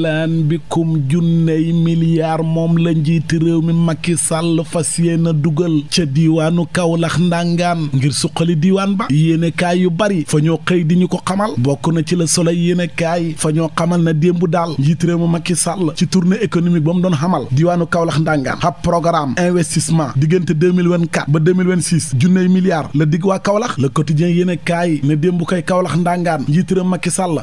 lan bikum junney milliard moom la njiiti réew mi Macky Sall fas yéena dugal ca diiwaanu Kaolack ndàngaan ngir suqali diiwaan ba yéenekaay yu bari fa ñoo xëy di ñu ko xamal bokk na ci Le Soleil yéenekaay fa ñoo xamal na démb daal njiiti réew mi Macky Sall ci tournée économique ba mu doon xamal diiwaanu Kaolack ndàngaan ab programme investissement diggante 2024 ba 2026 junney milliard la dig waa Kaolack Le Quotidien yéenekaay ne démb kay Kaolack ndàngaan njiiti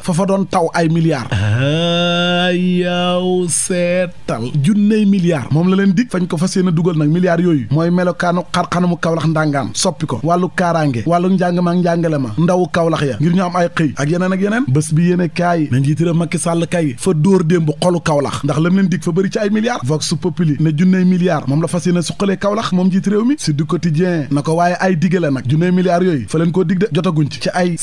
la fa fa doon taw ay milliards ah, yaw seetal junney milliards moom la leen dig fañ ko fas yéene dugal nag milliards yooyu mooy melokaanu xarxanamu kawlax ndàngaan soppi ko wàllu kaaraange wàllu njàng ma ak njàngale ma ndawu kawlax ya ngir ñu am ay xëy ak yeneen ak yeneen bés bi yéene kaay na njiitira Macky Sall kay fa dóor démb xolu kawlax ndax lam leen dig fa bëri ci ay milliards vox populi ne junney milliards moom la fas yéene suqalee kawlax moom njiit réew mi si du quotidien yooyu fa leen koo dig de jotaguñ ci ci ay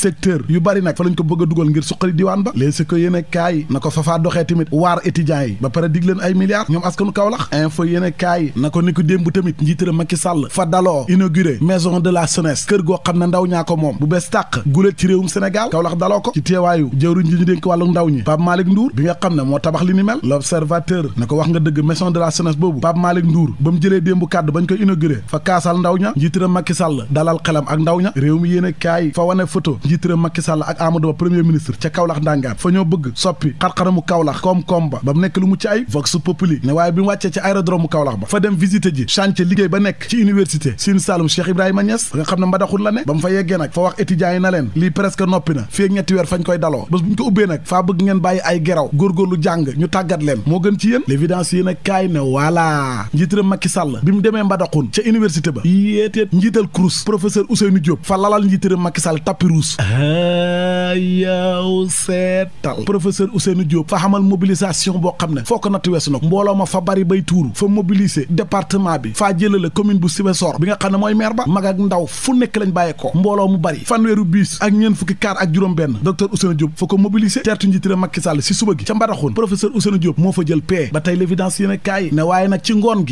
yu bari nag fa ko bëgg dugal ngir suqali naqari diwaan ba léeg si ko yéen e kaay na ko fafaa doxee tamit waar étudiants yi ba pare dig leen ay milliards ñoom askanu Kaolack info yéen kaay na ko ni démb tamit njiitëra Macky Sall fa daloo inauguré maison de la jeunesse kër goo xam ne ndaw ñaa ko moom bu bees tàq guléet ci réewum Sénégal Kaolack daloo ko ci teewaayu jëwriñ ji ñu dénk wàllu ndaw ñi Pape Malick Ndour bi nga xam ne moo tabax li ni mel l'observateur na ko wax nga dëgg maison de la jeunesse boobu Pape Kaolack ndàngaar fa ñoo bëgg soppi xar-xaramu Kaolack koom-koom ba ba mu nekk lu mucc ay vox populi ne waaye bi mu wàccee ci aérodrome bu ba fa dem visiter ji chantier liggéey ba nekk ci université Sine Saloum Cheikh Ibrahima Niass nga xam ne mbadaxul la ne ba mu fa yeggee nag fa wax étudiants na leen lii presque noppi na fii ñetti weer fañ koy daloo bés bu ñu ko ubbee nag faa bëgg ngeen bàyyi ay geraw góorgóorlu jàng ñu tàggat leen moo gën ci yéen l'évidence yéen a kaay ne mu demee ba yéeteet njiital CROUS professeur Ousseynou Diop fa lalal njiitaram Macky Sall tapis seetal seetal professeur Ousseynou Diop fa xamal mobilisation boo xam ne foo ko natt weesu na ko mbooloo ma fa bari bay tuuru fa mobiliser département bi faa jëlale commune bu Sibassor bi nga xam ne mooy maire ba mag ndaw fu nekk lañ bàyyeekoo mbooloo mu bari fanweeru biis ak ñeent fukki kaar ak juróom benn docteur Ousseynou Diop fa ko mobiliser teertu njiitira Macky Sall si suba gi ca Mbadakhoune professeur Ousseynou Diop moo fa jël pae ba tey l'évidence yéen ne waaye nag ci ngoon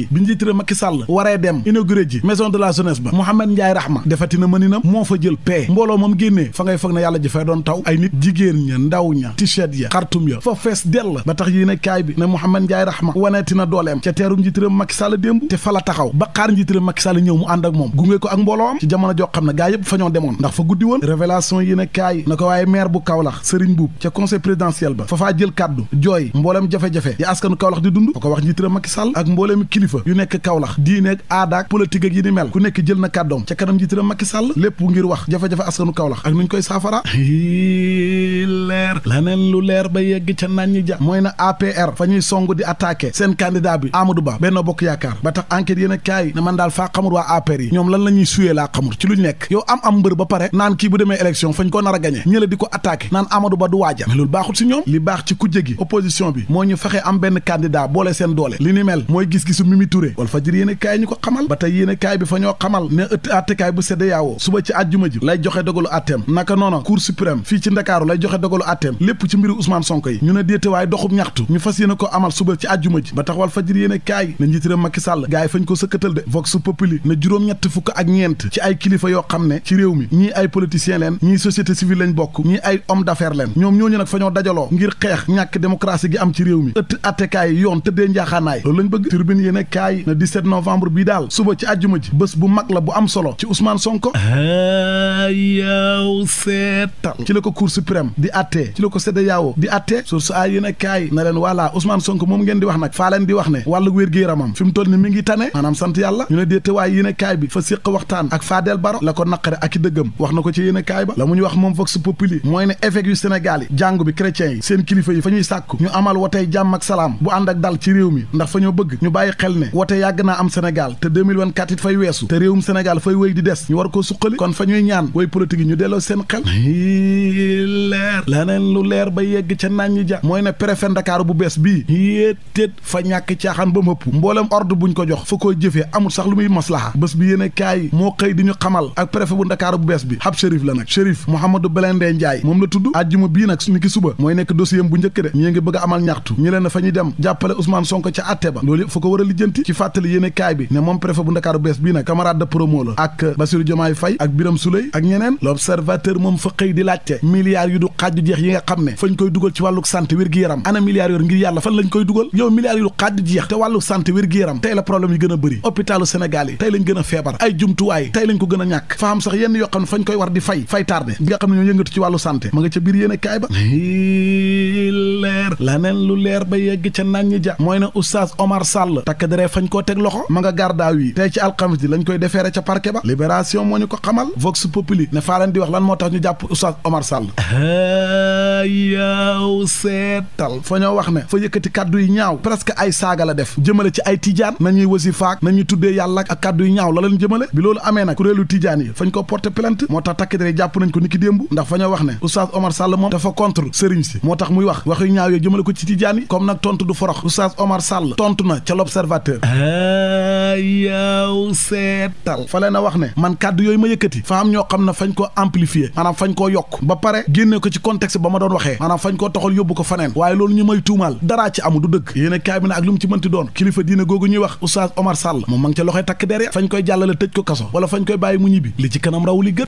moo fa jël pae mbooloo moom génnee fa ngay foog ne yàlla ji fay doon taw ay ña ndaw ña t-shirt ya xartum ya fa fees dell ba tax yéen a kaay bi ne Mouhamed Ndiaye Rahma waneeti na dooleem ca teerum njiitëram Macky Sall démb te fa taxaw ba xaar njiitëram Macky ñëw mu ànd ak moom gunge ko ak mbooloom ci jamono joo xam ne gaa yëpp fa demoon ndax fa guddi woon révélation yéen a kaay na ko waaye maire bu Kaolack Serigne Boub ca conseil présidentiel ba fa faa jël kàddu jooy mbooleem jafe-jafe ya askanu Kaolack di dund fa ko wax li leer laneen lu leer ba yegg ca naan ñi ja mooy na APR fa ñuy song di attaqué seen candidat bi Amadou Ba Benno Bokk Yaakaar ba tax enquête yéen kaay ne man daal faa xamul waa APR yi ñoom lan la ñuy suyee laa xamul ci luñ nekk yow am am mbër ba pare naan kii bu demee élection fañ ko nar a gañe ñële di ko attaqué naan Amadou Ba du waaja mais loolu baaxul si ñoom li baax ci kujje gi opposition bi moo ñu fexe am benn candidat boole seen doole li ni mel mooy gis a kaay ñu joxe dogalu àtteem lépp ci mbiru usmaan Sonko yi ñu ne déetewaay doxub ñaxtu ñu fas yéene ko amal suba ci àjjuma ji ba tax Walf Fadjri yéene kaay na njiitiram Macky Sall gaay fañ ko sëkkatal de Vox Populi na juróom-ñett fukk ak ñeent ci ay kilifa yoo xam ne ci réew mi ñii ay politiciens leen ñii société civile lañ bokk ñii ay homme d'affaires leen ñoom ñooñu nag fa ñoo dajaloo ngir xeex ñàkk démocratie gi am ci réew mi ëtt attekaay yoon tëddee njaaxaanaay loolu lañ bëgg turbine yéene kaay na 17 novembre bii daal suba ci àjjuma ji bés bu mag la bu am solo ci Ousmane Sonko yow seetal ci la ko Cour suprême di attee ci la ko sédda yaawo di attee source ay yéen a na leen voilà Ousmane Sonko moom ngeen di wax nag faa leen di wax ne wàllu wér-gu-yaramam fi mu ni mi ngi tane maanaam sant yàlla ñu ne déete waay yéen a kaay bi fa séq waxtaan ak Fadel Baro la ko naqare ak i dëggam wax na ko ci yéen a kaay ba la mu ñu wax moom vox populi mooy ne évêque yu Sénégal yi jàngu bi chrétiens yi seen kilifa yi fa ñuy sàkku ñu amal wotey jàmm ak salaam bu xel ne wote yàgg naa am Sénégal te 2024 it fay weesu te réewum Sénégal fay leer leneen lu leer ba yegg ca naan ñi ja mooy ne préfet Ndakaaru bu bees bii yéetéet fa ñàkk caaxaan ba mu ëpp mboolem ordre buñ ko jox fu koy jëfee amul sax lu muy maslaha bés bi yéene kaay moo xëy di ñu xamal ak préfet bu Ndakaaru bu bees bi ab shérif la nag shérif Mouhamadou Blindé Ndiaye moom la tudd àjjuma bii nag ni ki suba mooy nekk dossier bu njëkk de ñi ngi bëgg a amal ñaxtu ñi leen fa ñuy dem jàppale Ousmane Sonko ca atte ba loolu yëpp fa ko war a lijjanti ci fàttali yéene kaay bi ne moom préfet bu Ndakaaru bu bees bii nag camarade de promo di laajte milliards yu du xaaj du jeex yi nga xam ne fañ koy dugal ci wàllu santé wér gi yaram ana milliards yor ngir yàlla fan lañ koy dugal yow milliards yu xaaj jeex te wàllu santé wér gi yaram tey la problème yi gën a bëri hôpitalu Sénégal yi tey lañ gën a feebar ay jumtuwaay tey lañ ko gën a ñàkk fa am sax yenn yoo ne fañ koy war di fay fay tardé nga xam ne ñoo yëngatu ci wàllu santé ma nga ca biir yéene ba leer laneen lu leer ba yegg ca nañ ja mooy ne oustaz Omar Sall takk deree fañ koo teg loxo ma nga gardaaw yi tey ci alxamis di lañ koy defeere ca parquet ba libération moo ñu ko xamal vox populi ne faa leen di wax lan moo tax ñu jàpp oustaz Omar Sall yaw seetal fa ñoo wax ne fa yëkkati kàddu yi ñaaw presque ay saaga la def jëmale ci ay tijaan nañuy wasi faak nañuy tuddee yàlla ak kàddu ñaaw la leen jëmale bi loolu amee nag kuréelu tijaan yi fañ ko porté plainte moo tax takk deree jàpp nañ ko niki démb ndax fa wax ne oustaz Omar Sall moom dafa contre sëriñ si moo tax muy ñaaw yooyu jëmale ko ci tijaan yi comme nag tontu du forox oustaz Omar Sall tontu na ca l'observateur ah, yaaw seetal fa leen a wax ne man kàddu yooyu ma yëkkati fa am ñoo xam ne fañ ko amplifier maanaam fañ koo yokk ba pare génne ko ci contexte ba ma doon waxee maanaam fañ koo toxal yóbbu ko faneen waaye loolu ñu may tuumaal daraa ci amu du dëgg yéen a kaay bi ne ak lu mu ci mënti doon kilifa diine googu ñuy wax oustaz Omar Sall moom ma ca loxoy takk der ya fañ koy jàllale tëj ko kaso wala fañ koy mu ñibbi li ci kanam raw